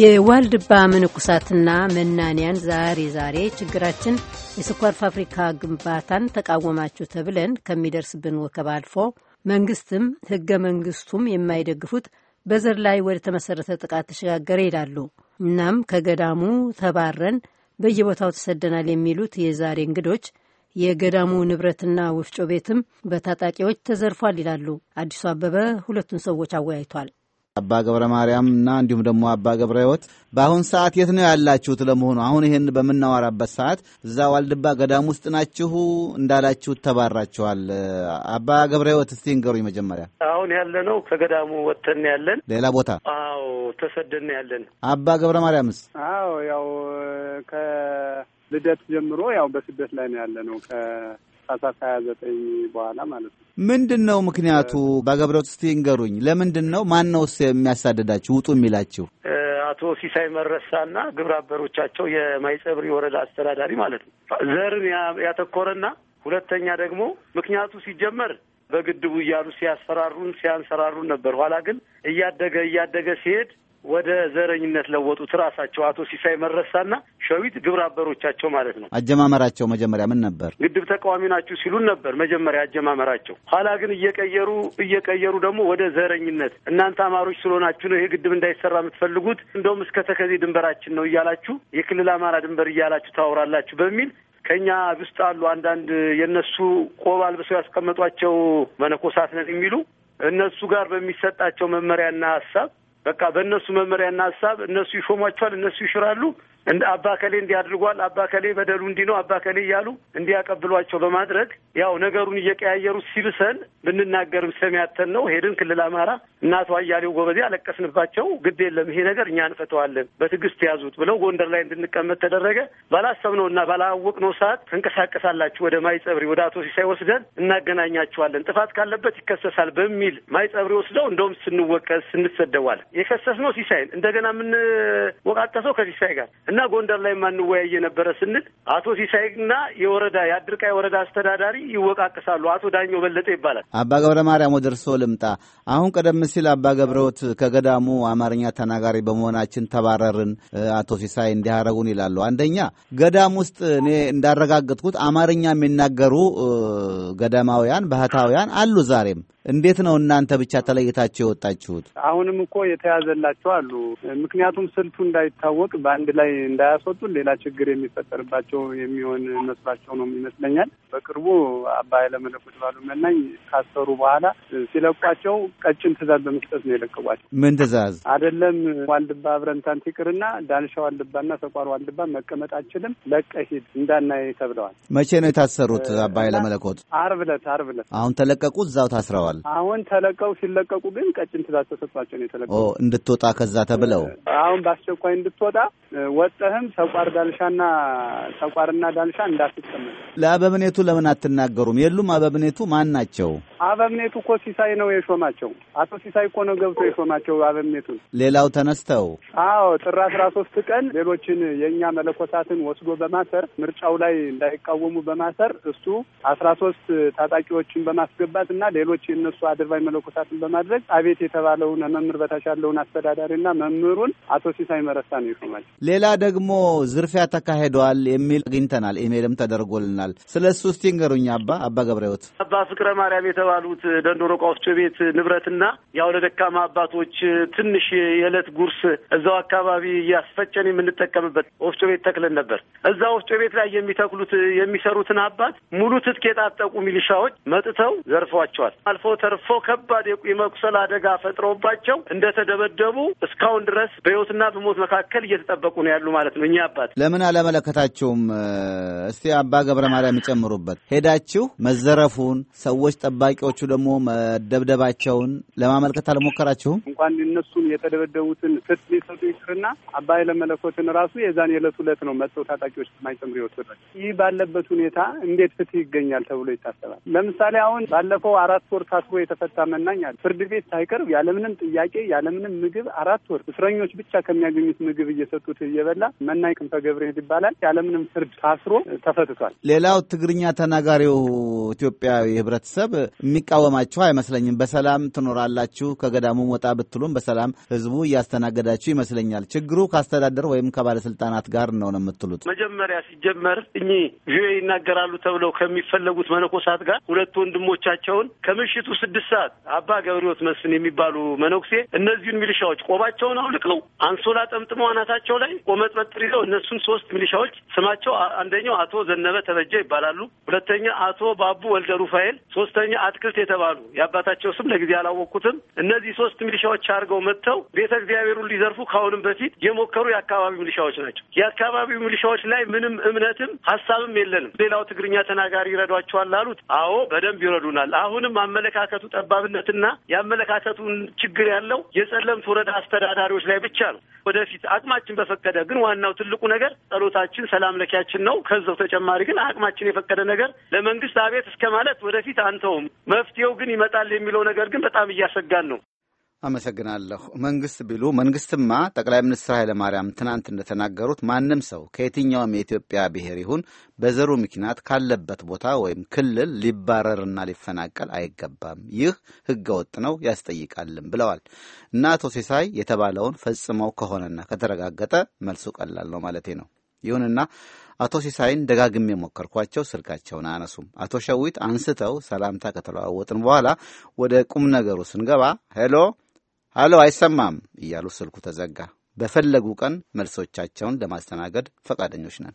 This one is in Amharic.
የዋልድባ ምንኩሳትና መናንያን ዛሬ ዛሬ ችግራችን የስኳር ፋብሪካ ግንባታን ተቃወማችሁ ተብለን ከሚደርስብን ወከብ አልፎ መንግስትም ህገ መንግስቱም የማይደግፉት በዘር ላይ ወደ ተመሰረተ ጥቃት ተሸጋገረ ይላሉ። እናም ከገዳሙ ተባረን በየቦታው ተሰደናል የሚሉት የዛሬ እንግዶች የገዳሙ ንብረትና ወፍጮ ቤትም በታጣቂዎች ተዘርፏል ይላሉ። አዲሱ አበበ ሁለቱን ሰዎች አወያይቷል። አባ ገብረ ማርያም እና እንዲሁም ደግሞ አባ ገብረ ሕይወት በአሁን ሰዓት የት ነው ያላችሁት? ለመሆኑ አሁን ይህን በምናወራበት ሰዓት እዛ ዋልድባ ገዳም ውስጥ ናችሁ እንዳላችሁት ተባራችኋል። አባ ገብረ ሕይወት እስቲ ንገሩኝ መጀመሪያ። አሁን ያለ ነው ከገዳሙ ወጥተን ያለን ሌላ ቦታ? አዎ ተሰደን ያለን። አባ ገብረ ማርያምስ? አዎ ያው ከልደት ጀምሮ ያው በስደት ላይ ነው ያለ ነው ታህሳስ ሀያ ዘጠኝ በኋላ ማለት ነው። ምንድን ነው ምክንያቱ? በገብረት እስቲ እንገሩኝ። ለምንድን ነው ማን ነው ስ የሚያሳደዳችሁ ውጡ የሚላችሁ? አቶ ሲሳይ መረሳና ግብረ አበሮቻቸው የማይጸብሪ ወረዳ አስተዳዳሪ ማለት ነው። ዘርን ያተኮረና ሁለተኛ ደግሞ ምክንያቱ ሲጀመር በግድቡ እያሉ ሲያስፈራሩን ሲያንሰራሩን ነበር። ኋላ ግን እያደገ እያደገ ሲሄድ ወደ ዘረኝነት ለወጡት ራሳቸው አቶ ሲሳይ መረሳና ሸዊት ግብረ አበሮቻቸው ማለት ነው። አጀማመራቸው መጀመሪያ ምን ነበር? ግድብ ተቃዋሚ ናችሁ ሲሉን ነበር መጀመሪያ አጀማመራቸው። ኋላ ግን እየቀየሩ እየቀየሩ ደግሞ ወደ ዘረኝነት እናንተ አማሮች ስለሆናችሁ ነው ይሄ ግድብ እንዳይሰራ የምትፈልጉት፣ እንደውም እስከ ተከዜ ድንበራችን ነው እያላችሁ የክልል አማራ ድንበር እያላችሁ ታወራላችሁ በሚል ከኛ ውስጥ አሉ አንዳንድ የእነሱ ቆብ አልብሰው ያስቀመጧቸው መነኮሳት ነን የሚሉ እነሱ ጋር በሚሰጣቸው መመሪያና ሀሳብ በቃ በእነሱ መመሪያና ሀሳብ እነሱ ይሾሟቸዋል፣ እነሱ ይሽራሉ። አባ አባከሌ እንዲህ አድርጓል፣ ከሌ በደሉ እንዲህ ነው፣ አባከሌ እያሉ እንዲያቀብሏቸው በማድረግ ያው ነገሩን እየቀያየሩ ሲብሰን ብንናገርም ስለሚያተን ነው። ሄድን ክልል አማራ እናቷ አያሌው ጎበዜ አለቀስንባቸው። ግድ የለም ይሄ ነገር እኛ እንፈተዋለን፣ በትዕግስት ያዙት ብለው ጎንደር ላይ እንድንቀመጥ ተደረገ። ባላሰብነው እና ባላወቅነው ሰዓት ትንቀሳቀሳላችሁ ወደ ማይጸብሪ ወደ አቶ ሲሳይ ወስደን እናገናኛችኋለን፣ ጥፋት ካለበት ይከሰሳል በሚል ማይጸብሪ ወስደው እንደውም ስንወቀስ ስንሰደዋል። የከሰስነው ሲሳይን እንደገና የምንወቃቀሰው ከሲሳይ ጋር እና ጎንደር ላይ ማንወያይ የነበረ ስንል አቶ ሲሳይና የወረዳ የአድርቃ የወረዳ አስተዳዳሪ ይወቃቅሳሉ። አቶ ዳኘው በለጠ ይባላል። አባ ገብረ ማርያም ወደ እርስዎ ልምጣ። አሁን ቀደም ሲል አባ ገብረውት ከገዳሙ አማርኛ ተናጋሪ በመሆናችን ተባረርን፣ አቶ ሲሳይ እንዲያረጉን ይላሉ። አንደኛ ገዳም ውስጥ እኔ እንዳረጋገጥኩት አማርኛ የሚናገሩ ገዳማውያን ባህታውያን አሉ ዛሬም እንዴት ነው እናንተ ብቻ ተለይታችሁ የወጣችሁት? አሁንም እኮ የተያዘላቸው አሉ። ምክንያቱም ስልቱ እንዳይታወቅ በአንድ ላይ እንዳያስወጡን ሌላ ችግር የሚፈጠርባቸው የሚሆን መስሏቸው ነው ይመስለኛል። በቅርቡ አባ ኃይለመለኮት ባሉ መናኝ ካሰሩ በኋላ ሲለቋቸው ቀጭን ትእዛዝ በመስጠት ነው የለቀቋቸው። ምን ትእዛዝ? አይደለም ዋልድባ አብረንታን ይቅርና ዳንሻ ዋልድባና ሰቋር ዋልድባ መቀመጥ አችልም፣ ለቀሂድ ሂድ እንዳናይ ተብለዋል። መቼ ነው የታሰሩት አባ ኃይለመለኮት? አርብ ዕለት አርብ ዕለት። አሁን ተለቀቁ? እዛው ታስረዋል። ተለቀዋል። አሁን ተለቀው ሲለቀቁ ግን ቀጭን ትእዛዝ ተሰጥቷቸው ነው የተለቀቁ። እንድትወጣ ከዛ ተብለው አሁን በአስቸኳይ እንድትወጣ ወጠህም ሰቋር ዳልሻና ሰቋርና ዳልሻ እንዳትቀመጥ። ለአበብኔቱ ለምን አትናገሩም? የሉም አበብኔቱ ማን ናቸው? አበምኔቱ እኮ ሲሳይ ነው የሾማቸው። አቶ ሲሳይ እኮ ነው ገብቶ የሾማቸው አበምኔቱን። ሌላው ተነስተው አዎ ጥር አስራ ሶስት ቀን ሌሎችን የእኛ መለኮሳትን ወስዶ በማሰር ምርጫው ላይ እንዳይቃወሙ በማሰር እሱ አስራ ሶስት ታጣቂዎችን በማስገባት እና ሌሎች የእነሱ አድርባይ መለኮሳትን በማድረግ አቤት የተባለውን መምህር በታች ያለውን አስተዳዳሪና መምህሩን አቶ ሲሳይ መረሳ ነው የሾማቸው። ሌላ ደግሞ ዝርፊያ ተካሄደዋል የሚል አግኝተናል። ኢሜልም ተደርጎልናል። ስለ እሱ እስቲ ንገሩኝ አባ አባ ገብረህይወት አባ ፍቅረ ማርያም የተ የተባሉት ደንዶሮቃዎች ቤት ንብረትና የአውለ ደካማ አባቶች ትንሽ የዕለት ጉርስ እዛው አካባቢ እያስፈጨን የምንጠቀምበት ወፍጮ ቤት ተክለን ነበር። እዛ ወፍጮ ቤት ላይ የሚተክሉት የሚሰሩትን አባት ሙሉ ትጥቅ የታጠቁ ሚሊሻዎች መጥተው ዘርፏቸዋል። አልፎ ተርፎ ከባድ የመቁሰል አደጋ ፈጥረውባቸው እንደተደበደቡ እስካሁን ድረስ በህይወትና በሞት መካከል እየተጠበቁ ነው ያሉ ማለት ነው። እኛ አባት ለምን አላመለከታችሁም? እስቲ አባ ገብረ ማርያም ይጨምሩበት። ሄዳችሁ መዘረፉን ሰዎች ጠባቂ ታጣቂዎቹ ደግሞ መደብደባቸውን ለማመልከት አልሞከራችሁም? እንኳን እነሱን የተደበደቡትን ፍት ሊሰጡ ይቅርና አባይ ለመለኮትን ራሱ የዛን የዕለት ሁለት ነው መጥተው ታጣቂዎች ማይጨምር ይወሰዳቸው። ይህ ባለበት ሁኔታ እንዴት ፍትህ ይገኛል ተብሎ ይታሰባል? ለምሳሌ አሁን ባለፈው አራት ወር ታስሮ የተፈታ መናኝ አለ። ፍርድ ቤት ሳይቀርብ ያለምንም ጥያቄ ያለምንም ምግብ አራት ወር እስረኞች ብቻ ከሚያገኙት ምግብ እየሰጡት እየበላ መናኝ ክንፈ ገብረሕይወት ይባላል። ያለምንም ፍርድ ታስሮ ተፈትቷል። ሌላው ትግርኛ ተናጋሪው ኢትዮጵያዊ ህብረተሰብ የሚቃወማችሁ አይመስለኝም። በሰላም ትኖራላችሁ። ከገዳሙም ወጣ ብትሉም በሰላም ህዝቡ እያስተናገዳችሁ ይመስለኛል። ችግሩ ከአስተዳደር ወይም ከባለስልጣናት ጋር ነው ነው የምትሉት? መጀመሪያ ሲጀመር እኚህ ቪኦኤ ይናገራሉ ተብለው ከሚፈለጉት መነኮሳት ጋር ሁለት ወንድሞቻቸውን ከምሽቱ ስድስት ሰዓት አባ ገብሪዎት መስፍን የሚባሉ መነኩሴ እነዚሁን ሚሊሻዎች ቆባቸውን አውልቀው አንሶላ ጠምጥመው አናታቸው ላይ ቆመጥመጥር ይዘው እነሱን ሶስት ሚሊሻዎች ስማቸው አንደኛው አቶ ዘነበ ተበጀ ይባላሉ፣ ሁለተኛ አቶ ባቡ ወልደ ሩፋኤል፣ ሶስተኛ አትክልት የተባሉ የአባታቸው ስም ለጊዜ አላወቅኩትም። እነዚህ ሶስት ሚሊሻዎች አድርገው መጥተው ቤተ እግዚአብሔሩን ሊዘርፉ ከአሁንም በፊት የሞከሩ የአካባቢው ሚሊሻዎች ናቸው። የአካባቢው ሚሊሻዎች ላይ ምንም እምነትም ሀሳብም የለንም። ሌላው ትግርኛ ተናጋሪ ይረዷቸዋል ላሉት፣ አዎ በደንብ ይረዱናል። አሁንም አመለካከቱ ጠባብነትና የአመለካከቱን ችግር ያለው የጸለምት ወረዳ አስተዳዳሪዎች ላይ ብቻ ነው። ወደፊት አቅማችን በፈቀደ ግን ዋናው ትልቁ ነገር ጸሎታችን ሰላም ለኪያችን ነው። ከዛው ተጨማሪ ግን አቅማችን የፈቀደ ነገር ለመንግስት አቤት እስከ ማለት ወደፊት አንተውም መፍትሄው ግን ይመጣል የሚለው ነገር ግን በጣም እያሰጋን ነው። አመሰግናለሁ። መንግስት ቢሉ መንግስትማ ጠቅላይ ሚኒስትር ኃይለማርያም ትናንት እንደተናገሩት ማንም ሰው ከየትኛውም የኢትዮጵያ ብሔር ይሁን በዘሩ ምክንያት ካለበት ቦታ ወይም ክልል ሊባረርና ሊፈናቀል አይገባም። ይህ ህገ ወጥ ነው ያስጠይቃልም ብለዋል እና አቶ ሲሳይ የተባለውን ፈጽመው ከሆነና ከተረጋገጠ መልሱ ቀላል ነው ማለቴ ነው። ይሁንና አቶ ሲሳይን ደጋግሜ ሞከርኳቸው፣ ስልካቸውን አያነሱም። አቶ ሸዊት አንስተው ሰላምታ ከተለዋወጥን በኋላ ወደ ቁም ነገሩ ስንገባ ሄሎ ሄሎ አይሰማም እያሉ ስልኩ ተዘጋ። በፈለጉ ቀን መልሶቻቸውን ለማስተናገድ ፈቃደኞች ነን።